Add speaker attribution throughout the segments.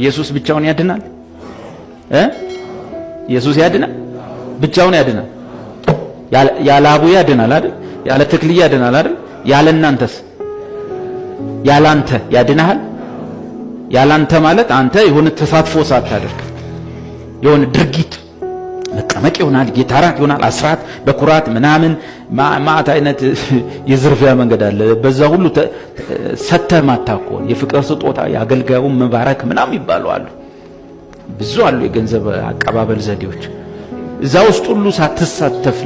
Speaker 1: ኢየሱስ ብቻውን ያድናል እ ኢየሱስ ያድናል ብቻውን ያድናል ያለ አቡ ያድናል አይደል ያለ ተክልዬ ያድናል አይደል ያለ እናንተስ ያለ አንተ ያድናል። ያለ አንተ ማለት አንተ የሆነ ተሳትፎ
Speaker 2: ሳታደርግ የሆነ ድርጊት መቀመቅ ይሆናል፣ ጌታራት ይሆናል፣ አስራት
Speaker 3: በኩራት ምናምን ማዕት አይነት የዝርፊያ መንገድ አለ። በዛ ሁሉ ሰተ ማታኮን የፍቅር ስጦታ የአገልጋዩን መባረክ ምናምን ይባሉ አሉ። ብዙ አሉ የገንዘብ አቀባበል ዘዴዎች። እዛ ውስጥ ሁሉ ሳትሳተፍ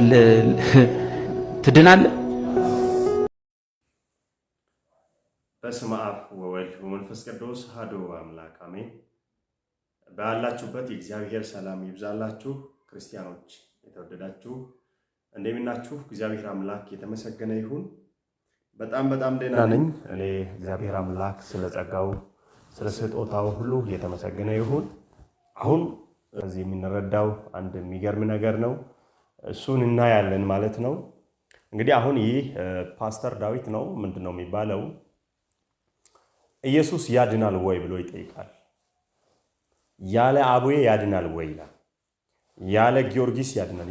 Speaker 3: ትድናለ? በስመ አብ ወወልድ ወመንፈስ ቅዱስ አሐዱ አምላክ አሜን። ባላችሁበት የእግዚአብሔር ሰላም ይብዛላችሁ። ክርስቲያኖች የተወደዳችሁ እንደምናችሁ፣ እግዚአብሔር አምላክ የተመሰገነ ይሁን። በጣም በጣም ደህና ነኝ እኔ። እግዚአብሔር አምላክ ስለ ጸጋው ስለ ስጦታው ሁሉ የተመሰገነ ይሁን። አሁን ከዚህ የምንረዳው አንድ የሚገርም ነገር ነው። እሱን እናያለን ማለት ነው። እንግዲህ አሁን ይህ ፓስተር ዳዊት ነው ምንድን ነው የሚባለው? ኢየሱስ ያድናል ወይ ብሎ ይጠይቃል። ያለ አቡዬ ያድናል ወይ ይላል። ያለ ጊዮርጊስ ያድናል፣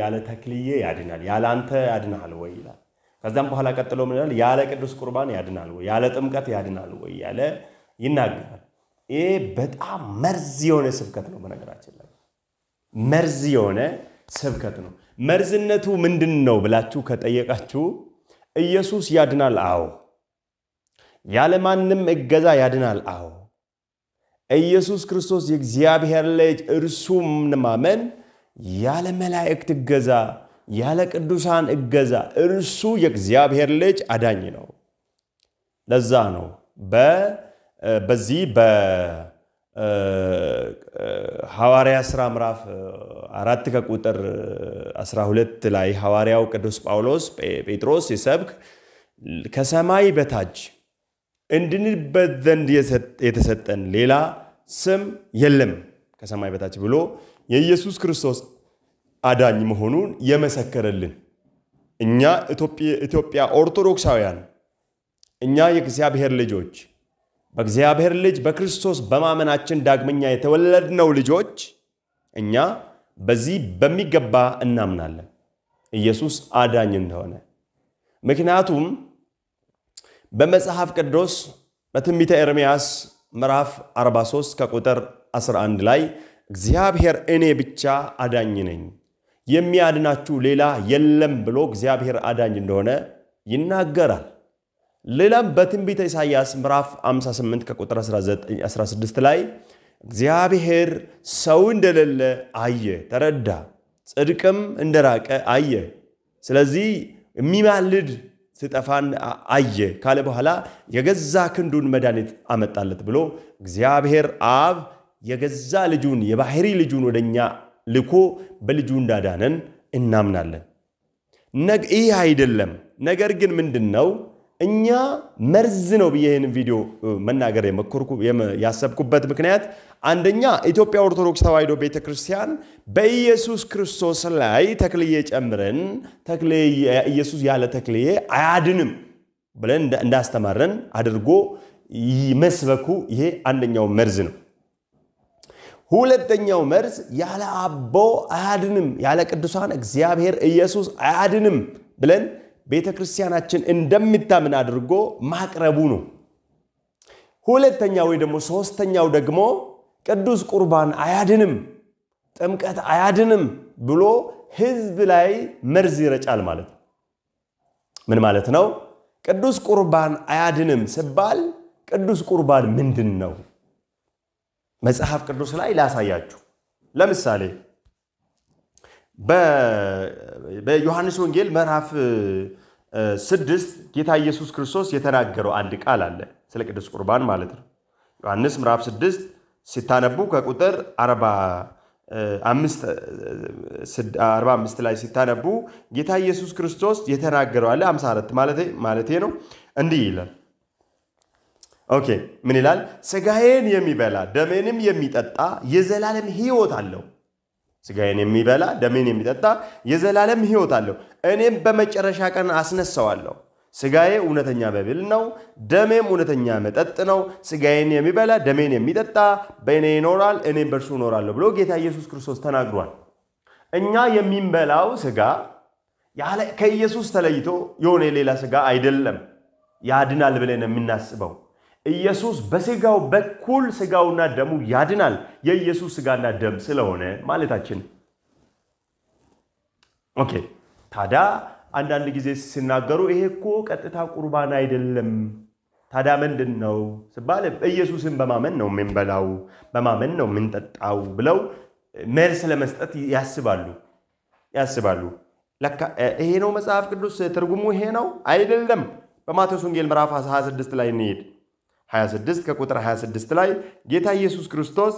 Speaker 3: ያለ ተክልዬ ያድናል፣ ያለ አንተ ያድናል ወይ ይላል። ከዛም በኋላ ቀጥሎ ምን ይላል? ያለ ቅዱስ ቁርባን ያድናል ወይ፣ ያለ ጥምቀት ያድናል ወይ ያለ ይናገራል። ይሄ በጣም መርዝ የሆነ ስብከት ነው። በነገራችን ላይ መርዝ የሆነ ስብከት ነው። መርዝነቱ ምንድን ነው ብላችሁ ከጠየቃችሁ ኢየሱስ ያድናል፣ አዎ። ያለ ማንም እገዛ ያድናል፣ አዎ ኢየሱስ ክርስቶስ የእግዚአብሔር ልጅ እርሱም ማመን ያለ መላእክት እገዛ፣ ያለ ቅዱሳን እገዛ እርሱ የእግዚአብሔር ልጅ አዳኝ ነው። ለዛ ነው በዚህ በሐዋርያ ሥራ ምዕራፍ አራት ከቁጥር 12 ላይ ሐዋርያው ቅዱስ ጳውሎስ ጴጥሮስ ሲሰብክ ከሰማይ በታች እንድንበት ዘንድ የተሰጠን ሌላ ስም የለም ከሰማይ በታች ብሎ የኢየሱስ ክርስቶስ አዳኝ መሆኑን የመሰከረልን እኛ ኢትዮጵያ ኦርቶዶክሳውያን እኛ የእግዚአብሔር ልጆች በእግዚአብሔር ልጅ በክርስቶስ በማመናችን ዳግመኛ የተወለድነው ልጆች እኛ በዚህ በሚገባ እናምናለን ኢየሱስ አዳኝ እንደሆነ ምክንያቱም በመጽሐፍ ቅዱስ በትንቢተ ኤርምያስ ምዕራፍ 43 ከቁጥር 11 ላይ እግዚአብሔር እኔ ብቻ አዳኝ ነኝ፣ የሚያድናችሁ ሌላ የለም ብሎ እግዚአብሔር አዳኝ እንደሆነ ይናገራል። ሌላም በትንቢተ ኢሳይያስ ምዕራፍ 58 ከቁጥር 16 ላይ እግዚአብሔር ሰው እንደሌለ አየ፣ ተረዳ፣ ጽድቅም እንደራቀ አየ። ስለዚህ የሚማልድ ሲጠፋን አየ ካለ በኋላ የገዛ ክንዱን መድኃኒት አመጣለት ብሎ እግዚአብሔር አብ የገዛ ልጁን የባህሪ ልጁን ወደኛ ልኮ በልጁ እንዳዳነን እናምናለን። ይህ አይደለም ነገር ግን ምንድን ነው እኛ መርዝ ነው ብዬ ይህን ቪዲዮ መናገር ያሰብኩበት ምክንያት አንደኛ ኢትዮጵያ ኦርቶዶክስ ተዋሕዶ ቤተ ክርስቲያን በኢየሱስ ክርስቶስ ላይ ተክልዬ ጨምረን ተክሌ ኢየሱስ ያለ ተክልዬ አያድንም ብለን እንዳስተማረን አድርጎ መስበኩ ይሄ አንደኛው መርዝ ነው። ሁለተኛው መርዝ ያለ አቦ አያድንም፣ ያለ ቅዱሳን እግዚአብሔር ኢየሱስ አያድንም ብለን ቤተ ክርስቲያናችን እንደምታምን አድርጎ ማቅረቡ ነው። ሁለተኛ ወይ ደግሞ ሶስተኛው ደግሞ ቅዱስ ቁርባን አያድንም፣ ጥምቀት አያድንም ብሎ ህዝብ ላይ መርዝ ይረጫል ማለት ነው። ምን ማለት ነው? ቅዱስ ቁርባን አያድንም ሲባል ቅዱስ ቁርባን ምንድን ነው? መጽሐፍ ቅዱስ ላይ ላሳያችሁ። ለምሳሌ በዮሐንስ ወንጌል ምዕራፍ ስድስት ጌታ ኢየሱስ ክርስቶስ የተናገረው አንድ ቃል አለ ስለ ቅዱስ ቁርባን ማለት ነው። ዮሐንስ ምዕራፍ ስድስት ሲታነቡ ከቁጥር አርባ አምስት ላይ ሲታነቡ ጌታ ኢየሱስ ክርስቶስ የተናገረው አለ አምሳ አራት ማለቴ ነው። እንዲህ ይላል። ኦኬ ምን ይላል? ስጋዬን የሚበላ ደሜንም የሚጠጣ የዘላለም ሕይወት አለው። ስጋዬን የሚበላ ደሜን የሚጠጣ የዘላለም ሕይወት አለው እኔም በመጨረሻ ቀን አስነሳዋለሁ። ስጋዬ እውነተኛ መብል ነው፣ ደሜም እውነተኛ መጠጥ ነው። ስጋዬን የሚበላ ደሜን የሚጠጣ በእኔ ይኖራል፣ እኔም በእርሱ እኖራለሁ ብሎ ጌታ ኢየሱስ ክርስቶስ ተናግሯል። እኛ የሚንበላው ስጋ ከኢየሱስ ተለይቶ የሆነ የሌላ ስጋ አይደለም፣ ያድናል ብለን የምናስበው ኢየሱስ በስጋው በኩል ስጋውና ደሙ ያድናል። የኢየሱስ ስጋና ደም ስለሆነ ማለታችን ኦኬ ታዲያ አንዳንድ ጊዜ ሲናገሩ ይሄ እኮ ቀጥታ ቁርባን አይደለም። ታዲያ ምንድን ነው ስባል ኢየሱስን በማመን ነው የምንበላው፣ በማመን ነው የምንጠጣው ብለው መልስ ለመስጠት ያስባሉ ያስባሉ። ለካ ይሄ ነው መጽሐፍ ቅዱስ ትርጉሙ ይሄ ነው አይደለም። በማቴዎስ ወንጌል ምዕራፍ 26 ላይ እንሄድ። 26 ከቁጥር 26 ላይ ጌታ ኢየሱስ ክርስቶስ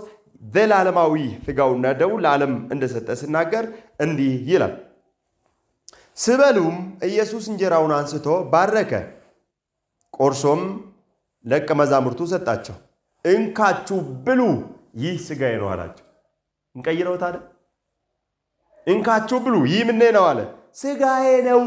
Speaker 3: ዘላለማዊ ሥጋውና ደሙ ለዓለም እንደሰጠ ሲናገር እንዲህ ይላል ስበሉም ኢየሱስ እንጀራውን አንስቶ ባረከ፣ ቆርሶም ለደቀ መዛሙርቱ ሰጣቸው። እንካችሁ ብሉ፣ ይህ ሥጋዬ ነው አላቸው። እንቀይረው ታዲያ እንካችሁ ብሉ፣ ይህ ምኔ ነው አለ። ስጋዬ ነው።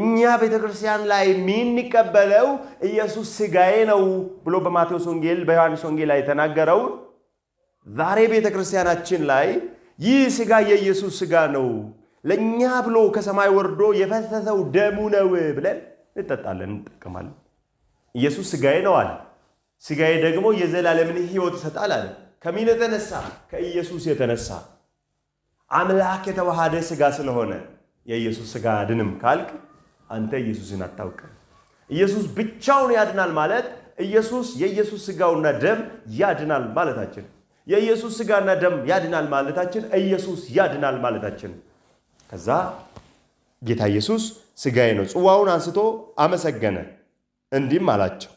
Speaker 3: እኛ ቤተ ክርስቲያን ላይ የምንቀበለው ኢየሱስ ስጋዬ ነው ብሎ በማቴዎስ ወንጌል በዮሐንስ ወንጌል ላይ የተናገረውን ዛሬ ቤተ ክርስቲያናችን ላይ ይህ ስጋ የኢየሱስ ስጋ ነው ለእኛ ብሎ ከሰማይ ወርዶ የፈሰሰው ደሙ ነው ብለን እንጠጣለን፣ እንጠቀማለን። ኢየሱስ ስጋዬ ነው አለ። ስጋዬ ደግሞ የዘላለምን ሕይወት ይሰጣል አለ። ከሚን የተነሳ ከኢየሱስ የተነሳ አምላክ የተዋሃደ ስጋ ስለሆነ የኢየሱስ ስጋ አድንም ካልክ አንተ ኢየሱስን አታውቅም። ኢየሱስ ብቻውን ያድናል ማለት ኢየሱስ የኢየሱስ ስጋውና ደም ያድናል ማለታችን፣ የኢየሱስ ስጋና ደም ያድናል ማለታችን፣ ኢየሱስ ያድናል ማለታችን ከዛ ጌታ ኢየሱስ ስጋዬ ነው። ጽዋውን አንስቶ አመሰገነ፣ እንዲህም አላቸው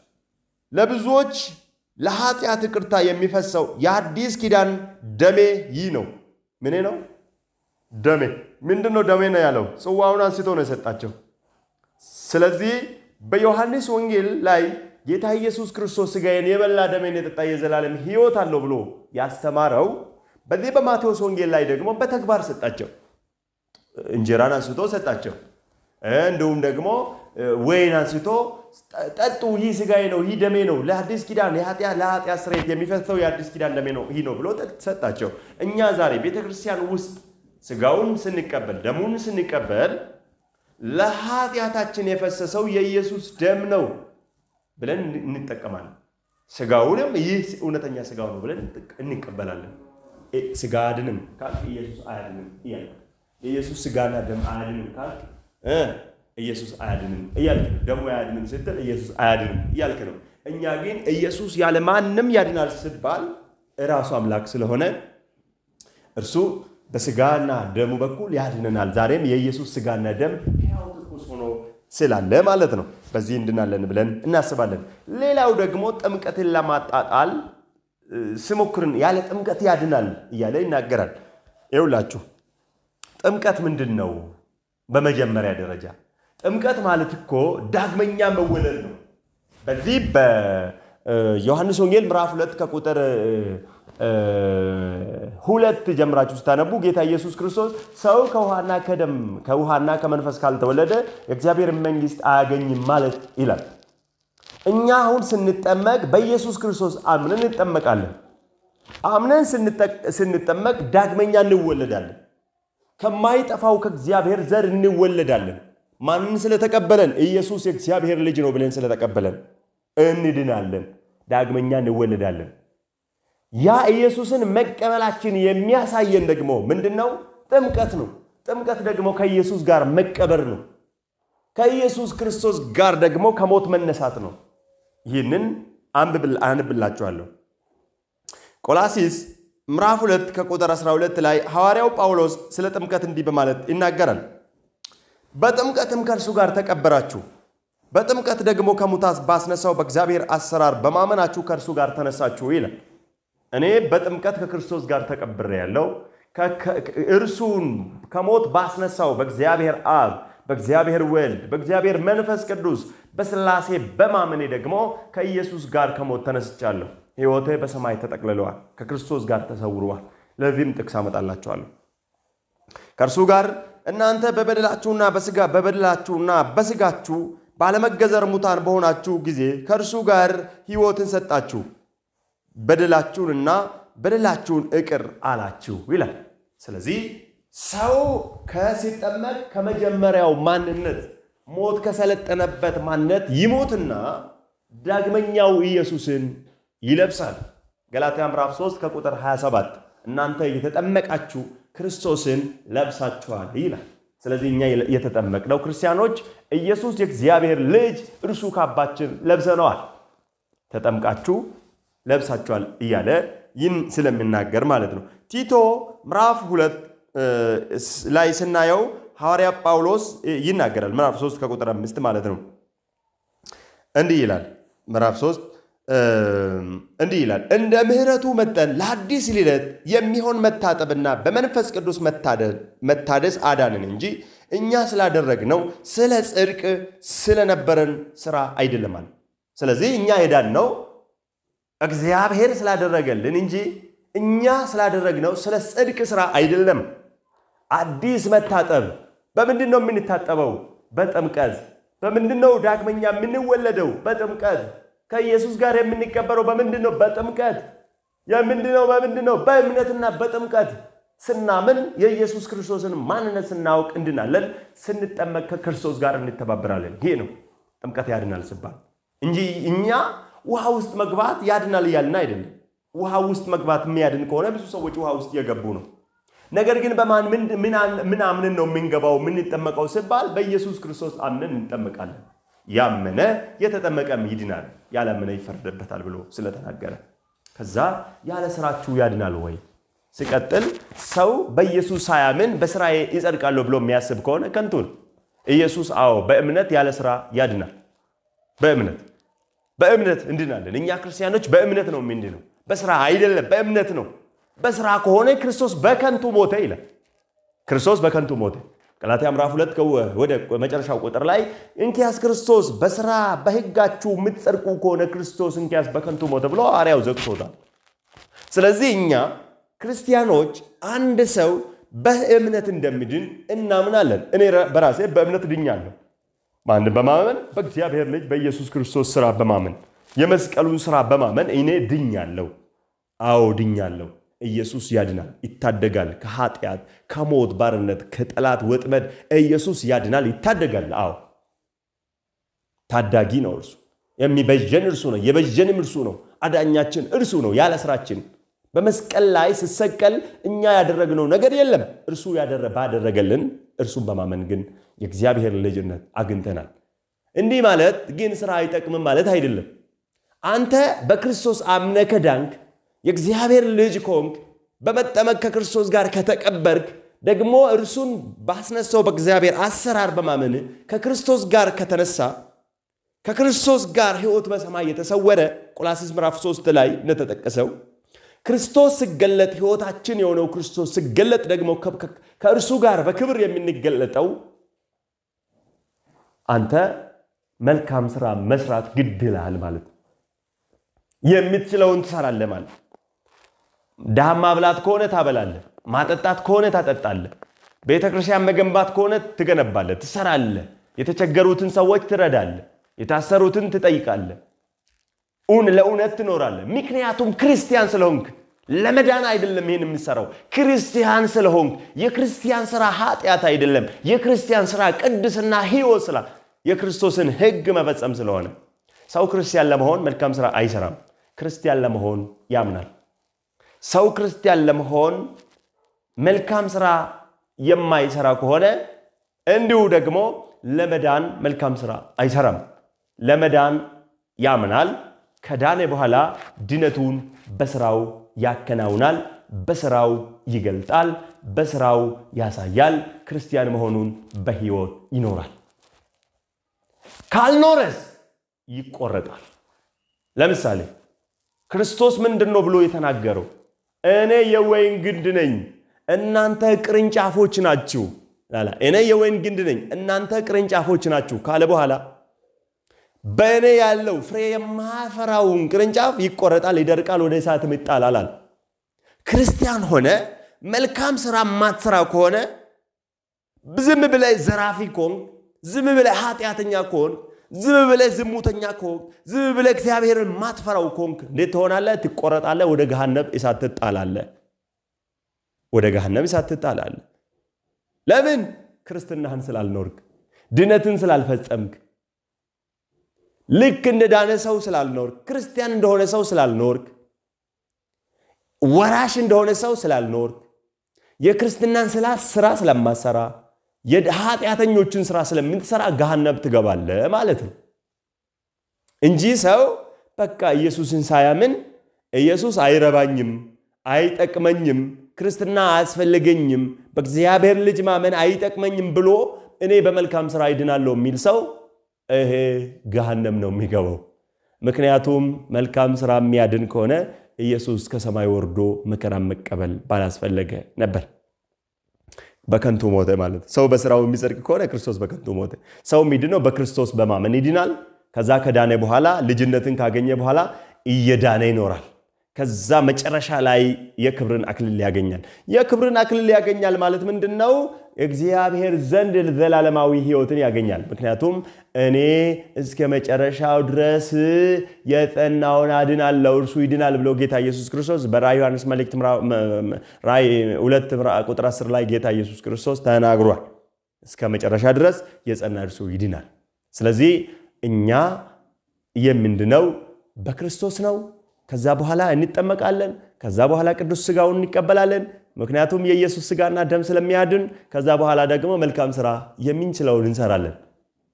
Speaker 3: ለብዙዎች ለኃጢአት ይቅርታ የሚፈሰው የአዲስ ኪዳን ደሜ ይህ ነው። ምኔ ነው? ደሜ ምንድን ነው? ደሜ ነው ያለው። ጽዋውን አንስቶ ነው የሰጣቸው። ስለዚህ በዮሐንስ ወንጌል ላይ ጌታ ኢየሱስ ክርስቶስ ስጋዬን የበላ ደሜን የጠጣ የዘላለም ሕይወት አለው ብሎ ያስተማረው በዚህ በማቴዎስ ወንጌል ላይ ደግሞ በተግባር ሰጣቸው። እንጀራን አንስቶ ሰጣቸው። እንዲሁም ደግሞ ወይን አንስቶ ጠጡ፣ ይህ ስጋዬ ነው፣ ይህ ደሜ ነው፣ ለአዲስ ኪዳን ለኃጢአት ስርየት የሚፈሰው የአዲስ ኪዳን ደሜ ነው፣ ይህ ነው ብሎ ሰጣቸው። እኛ ዛሬ ቤተክርስቲያን ውስጥ ስጋውን ስንቀበል ደሙን ስንቀበል ለኃጢአታችን የፈሰሰው የኢየሱስ ደም ነው ብለን እንጠቀማለን። ስጋውንም ይህ እውነተኛ ስጋው ነው ብለን እንቀበላለን። ስጋ አድንም ኢየሱስ አያድንም እያለ የኢየሱስ ስጋና ደም አያድንም ካልክ ኢየሱስ አያድንም እያልክ ነው። አያድንም ስትል ኢየሱስ አያድንም እያልክ ነው። እኛ ግን ኢየሱስ ያለ ማንም ያድናል ስባል እራሱ አምላክ ስለሆነ እርሱ በስጋና ደሙ በኩል ያድነናል። ዛሬም የኢየሱስ ስጋና ደም ሕያው ትኩስ ሆኖ ስላለ ማለት ነው። በዚህ እንድናለን ብለን እናስባለን። ሌላው ደግሞ ጥምቀትን ለማጣጣል ስሞክርን ያለ ጥምቀት ያድናል እያለ ይናገራል። ይውላችሁ ጥምቀት ምንድን ነው? በመጀመሪያ ደረጃ ጥምቀት ማለት እኮ ዳግመኛ መወለድ ነው። በዚህ በዮሐንስ ወንጌል ምዕራፍ ሁለት ከቁጥር ሁለት ጀምራችሁ ስታነቡ ጌታ ኢየሱስ ክርስቶስ ሰው ከውሃና ከደም ከውሃና ከመንፈስ ካልተወለደ የእግዚአብሔር መንግስት አያገኝም ማለት ይላል። እኛ አሁን ስንጠመቅ በኢየሱስ ክርስቶስ አምነን እንጠመቃለን። አምነን ስንጠመቅ ዳግመኛ እንወለዳለን። ከማይጠፋው ከእግዚአብሔር ዘር እንወለዳለን። ማንን ስለተቀበለን? ኢየሱስ የእግዚአብሔር ልጅ ነው ብለን ስለተቀበለን እንድናለን፣ ዳግመኛ እንወለዳለን። ያ ኢየሱስን መቀበላችን የሚያሳየን ደግሞ ምንድን ነው? ጥምቀት ነው። ጥምቀት ደግሞ ከኢየሱስ ጋር መቀበር ነው። ከኢየሱስ ክርስቶስ ጋር ደግሞ ከሞት መነሳት ነው። ይህንን አንብላችኋለሁ ቆላሲስ ምዕራፍ 2 ከቁጥር 12 ላይ ሐዋርያው ጳውሎስ ስለ ጥምቀት እንዲህ በማለት ይናገራል። በጥምቀትም ከእርሱ ጋር ተቀበራችሁ፣ በጥምቀት ደግሞ ከሙታስ ባስነሳው በእግዚአብሔር አሰራር በማመናችሁ ከእርሱ ጋር ተነሳችሁ ይላል። እኔ በጥምቀት ከክርስቶስ ጋር ተቀብሬ ያለው እርሱን ከሞት ባስነሳው በእግዚአብሔር አብ በእግዚአብሔር ወልድ በእግዚአብሔር መንፈስ ቅዱስ በስላሴ በማመኔ ደግሞ ከኢየሱስ ጋር ከሞት ተነስቻለሁ። ህይወት በሰማይ ተጠቅልለዋል፣ ከክርስቶስ ጋር ተሰውረዋል። ለዚህም ጥቅስ አመጣላችኋለሁ። ከእርሱ ጋር እናንተ በበደላችሁና በስጋ በበደላችሁና በስጋችሁ ባለመገዘር ሙታን በሆናችሁ ጊዜ ከእርሱ ጋር ሕይወትን ሰጣችሁ፣ በደላችሁንና በደላችሁን እቅር አላችሁ ይላል። ስለዚህ ሰው ከሲጠመቅ ከመጀመሪያው ማንነት ሞት ከሰለጠነበት ማንነት ይሞትና ዳግመኛው ኢየሱስን ይለብሳል። ገላትያ ምዕራፍ 3 ከቁጥር 27 እናንተ የተጠመቃችሁ ክርስቶስን ለብሳችኋል ይላል። ስለዚህ እኛ የተጠመቅነው ክርስቲያኖች ኢየሱስ የእግዚአብሔር ልጅ እርሱ ካባችን ለብሰነዋል። ተጠምቃችሁ ለብሳችኋል እያለ ይህን ስለሚናገር ማለት ነው። ቲቶ ምዕራፍ ሁለት ላይ ስናየው ሐዋርያ ጳውሎስ ይናገራል። ምዕራፍ 3 ከቁጥር 5 ማለት ነው። እንዲህ ይላል ምዕራፍ 3 እንዲህ ይላል፣ እንደ ምሕረቱ መጠን ለአዲስ ልደት የሚሆን መታጠብና በመንፈስ ቅዱስ መታደስ አዳንን እንጂ እኛ ስላደረግነው ስለ ጽድቅ ስለነበረን ስራ አይደለማል። ስለዚህ እኛ ነው እግዚአብሔር ስላደረገልን እንጂ እኛ ስላደረግነው ስለ ጽድቅ ስራ አይደለም። አዲስ መታጠብ በምንድን ነው የምንታጠበው? በጥምቀት። በምንድን ነው ዳግመኛ የምንወለደው? በጥምቀት ከኢየሱስ ጋር የምንቀበረው በምንድን ነው? በጥምቀት የምንድነው? በምንድን ነው? በእምነትና በጥምቀት ስናምን የኢየሱስ ክርስቶስን ማንነት ስናውቅ እንድናለን። ስንጠመቅ ከክርስቶስ ጋር እንተባበራለን። ይሄ ነው ጥምቀት ያድናል ስባል እንጂ እኛ ውሃ ውስጥ መግባት ያድናል እያልን አይደለም። ውሃ ውስጥ መግባት የሚያድን ከሆነ ብዙ ሰዎች ውሃ ውስጥ የገቡ ነው። ነገር ግን በማን ምን አምንን ነው የምንገባው የምንጠመቀው ስባል በኢየሱስ ክርስቶስ አምነን እንጠመቃለን። ያመነ የተጠመቀም ይድናል፣ ያላመነ ይፈረድበታል ብሎ ስለተናገረ ከዛ ያለ ስራችሁ ያድናል ወይ? ሲቀጥል ሰው በኢየሱስ ሳያምን በስራዬ ይጸድቃለሁ ብሎ የሚያስብ ከሆነ ከንቱን። ኢየሱስ አዎ በእምነት ያለ ስራ ያድናል። በእምነት በእምነት እንድናለን። እኛ ክርስቲያኖች በእምነት ነው የምንድነው፣ በስራ አይደለም፣ በእምነት ነው። በስራ ከሆነ ክርስቶስ በከንቱ ሞተ ይላል። ክርስቶስ በከንቱ ሞተ ገላትያ ምዕራፍ 2 ወደ መጨረሻው ቁጥር ላይ እንኪያስ ክርስቶስ በስራ በሕጋችሁ የምትጸድቁ ከሆነ ክርስቶስ እንኪያስ በከንቱ ሞተ ብሎ ሐዋርያው ዘግቶታል። ስለዚህ እኛ ክርስቲያኖች አንድ ሰው በእምነት እንደሚድን እናምናለን። እኔ በራሴ በእምነት ድኛለሁ። ማን በማመን በእግዚአብሔር ልጅ በኢየሱስ ክርስቶስ ስራ በማመን የመስቀሉን ስራ በማመን እኔ ድኛለሁ። አዎ ድኛለሁ። ኢየሱስ ያድናል፣ ይታደጋል። ከኃጢአት፣ ከሞት ባርነት፣ ከጠላት ወጥመድ ኢየሱስ ያድናል፣ ይታደጋል። አዎ ታዳጊ ነው እርሱ። የሚበጀን እርሱ ነው፣ የበጀንም እርሱ ነው። አዳኛችን እርሱ ነው። ያለ ስራችን በመስቀል ላይ ስሰቀል እኛ ያደረግነው ነገር የለም። እርሱ ባደረገልን እርሱን በማመን ግን የእግዚአብሔር ልጅነት አግኝተናል። እንዲህ ማለት ግን ስራ አይጠቅምም ማለት አይደለም። አንተ በክርስቶስ አምነከ ከዳንክ የእግዚአብሔር ልጅ ከሆንክ በመጠመቅ ከክርስቶስ ጋር ከተቀበርክ ደግሞ እርሱን ባስነሳው በእግዚአብሔር አሰራር በማመን ከክርስቶስ ጋር ከተነሳ ከክርስቶስ ጋር ሕይወት በሰማይ የተሰወረ ቆላሲስ ምዕራፍ 3 ላይ እንደተጠቀሰው ክርስቶስ ሲገለጥ ሕይወታችን የሆነው ክርስቶስ ሲገለጥ ደግሞ ከእርሱ ጋር በክብር የምንገለጠው አንተ መልካም ስራ መስራት ግድ ይልሃል ማለት ነው። የምትችለውን ትሰራለህ ማለት ድሃም ማብላት ከሆነ ታበላለህ፣ ማጠጣት ከሆነ ታጠጣለህ፣ ቤተ ክርስቲያን መገንባት ከሆነ ትገነባለህ፣ ትሰራለህ፣ የተቸገሩትን ሰዎች ትረዳለህ፣ የታሰሩትን ትጠይቃለህ፣ ለእውነት ትኖራለህ። ምክንያቱም ክርስቲያን ስለሆንክ ለመዳን አይደለም ይህን የምሰራው። ክርስቲያን ስለሆንክ የክርስቲያን ስራ ኃጢአት አይደለም። የክርስቲያን ስራ ቅድስና፣ ህይወት ስራ የክርስቶስን ህግ መፈጸም ስለሆነ ሰው ክርስቲያን ለመሆን መልካም ስራ አይሰራም። ክርስቲያን ለመሆን ያምናል። ሰው ክርስቲያን ለመሆን መልካም ስራ የማይሰራ ከሆነ እንዲሁ ደግሞ ለመዳን መልካም ስራ አይሰራም። ለመዳን ያምናል። ከዳነ በኋላ ድነቱን በስራው ያከናውናል፣ በስራው ይገልጣል፣ በስራው ያሳያል። ክርስቲያን መሆኑን በህይወት ይኖራል። ካልኖረስ ይቆረጣል። ለምሳሌ ክርስቶስ ምንድን ነው ብሎ የተናገረው? እኔ የወይን ግንድ ነኝ፣ እናንተ ቅርንጫፎች ናችሁ። እኔ የወይን ግንድ ነኝ፣ እናንተ ቅርንጫፎች ናችሁ ካለ በኋላ በእኔ ያለው ፍሬ የማያፈራውን ቅርንጫፍ ይቆረጣል፣ ይደርቃል፣ ወደ እሳትም ይጣላል። ክርስቲያን ሆነ መልካም ስራ ማትሰራ ከሆነ ዝም ብለህ ዘራፊ ከሆን፣ ዝም ብለህ ኃጢአተኛ ከሆን ዝም ብለህ ዝሙተኛ ከሆንክ፣ ዝም ብለህ እግዚአብሔርን ማትፈራው ከሆንክ እንዴት ትሆናለህ? ትቆረጣለህ። ወደ ገሃነብ እሳት ትጣላለህ። ወደ ገሃነብ እሳት ትጣላለህ። ለምን? ክርስትናህን ስላልኖርክ፣ ድነትን ስላልፈጸምክ፣ ልክ እንደ ዳነ ሰው ስላልኖርክ፣ ክርስቲያን እንደሆነ ሰው ስላልኖርክ፣ ወራሽ እንደሆነ ሰው ስላልኖርክ፣ የክርስትናን ስራ ስለማሰራ የኃጢአተኞችን ስራ ስለምትሰራ ገሃነብ ትገባለ ማለት ነው እንጂ ሰው በቃ ኢየሱስን ሳያምን ኢየሱስ አይረባኝም፣ አይጠቅመኝም፣ ክርስትና አያስፈልገኝም፣ በእግዚአብሔር ልጅ ማመን አይጠቅመኝም ብሎ እኔ በመልካም ስራ ይድናለሁ የሚል ሰው ይሄ ገሃነም ነው የሚገባው። ምክንያቱም መልካም ስራ የሚያድን ከሆነ ኢየሱስ ከሰማይ ወርዶ መከራ መቀበል ባላስፈለገ ነበር። በከንቱ ሞተ ማለት ሰው በስራው የሚጸድቅ ከሆነ ክርስቶስ በከንቱ ሞተ። ሰው የሚድነው በክርስቶስ በማመን ይድናል። ከዛ ከዳነ በኋላ ልጅነትን ካገኘ በኋላ እየዳነ ይኖራል። ከዛ መጨረሻ ላይ የክብርን አክሊል ያገኛል። የክብርን አክሊል ያገኛል ማለት ምንድን ነው? እግዚአብሔር ዘንድ ዘላለማዊ ሕይወትን ያገኛል። ምክንያቱም እኔ እስከ መጨረሻው ድረስ የጸናውን አድናለሁ እርሱ ይድናል ብሎ ጌታ ኢየሱስ ክርስቶስ በራዕይ ዮሐንስ መልእክት ሁለት ቁጥር 10 ላይ ጌታ ኢየሱስ ክርስቶስ ተናግሯል። እስከ መጨረሻ ድረስ የጸና እርሱ ይድናል። ስለዚህ እኛ የምንድነው በክርስቶስ ነው። ከዛ በኋላ እንጠመቃለን። ከዛ በኋላ ቅዱስ ስጋውን እንቀበላለን። ምክንያቱም የኢየሱስ ስጋና ደም ስለሚያድን፣ ከዛ በኋላ ደግሞ መልካም ስራ የምንችለውን እንሰራለን።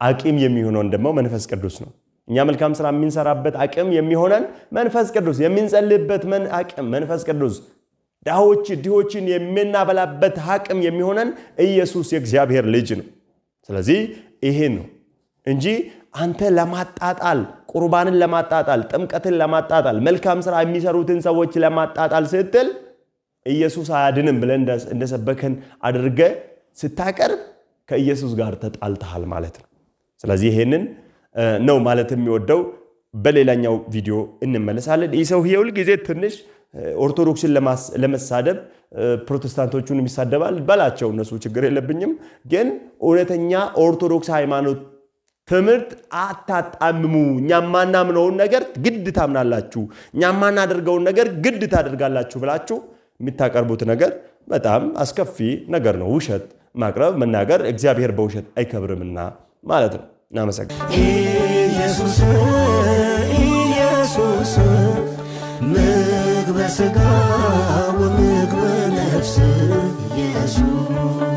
Speaker 3: አቂም የሚሆነውን ደግሞ መንፈስ ቅዱስ ነው። እኛ መልካም ስራ የምንሰራበት አቅም የሚሆነን መንፈስ ቅዱስ፣ የምንጸልይበት አቅም መንፈስ ቅዱስ፣ ድሆች ድሆችን የምናበላበት አቅም የሚሆነን ኢየሱስ የእግዚአብሔር ልጅ ነው። ስለዚህ ይሄ ነው እንጂ አንተ ለማጣጣል ቁርባንን ለማጣጣል፣ ጥምቀትን ለማጣጣል፣ መልካም ስራ የሚሰሩትን ሰዎች ለማጣጣል ስትል ኢየሱስ አያድንም ብለን እንደሰበከን አድርገ ስታቀርብ ከኢየሱስ ጋር ተጣልተሃል ማለት ነው። ስለዚህ ይሄንን ነው ማለት የሚወደው። በሌላኛው ቪዲዮ እንመለሳለን። ይህ ሰው ሁል ጊዜ ትንሽ ኦርቶዶክስን ለመሳደብ ፕሮቴስታንቶቹን ይሳደባል። በላቸው እነሱ ችግር የለብኝም። ግን እውነተኛ ኦርቶዶክስ ሃይማኖት ትምህርት አታጣምሙ። እኛ ማናምነውን ነገር ግድ ታምናላችሁ፣ እኛ ማናደርገውን ነገር ግድ ታደርጋላችሁ ብላችሁ የምታቀርቡት ነገር በጣም አስከፊ ነገር ነው። ውሸት ማቅረብ፣ መናገር እግዚአብሔር በውሸት አይከብርምና ማለት ነው። እናመሰግናለን። ኢየሱስ ኢየሱስ ምግበ ስጋ ወምግበ ነፍስ ኢየሱስ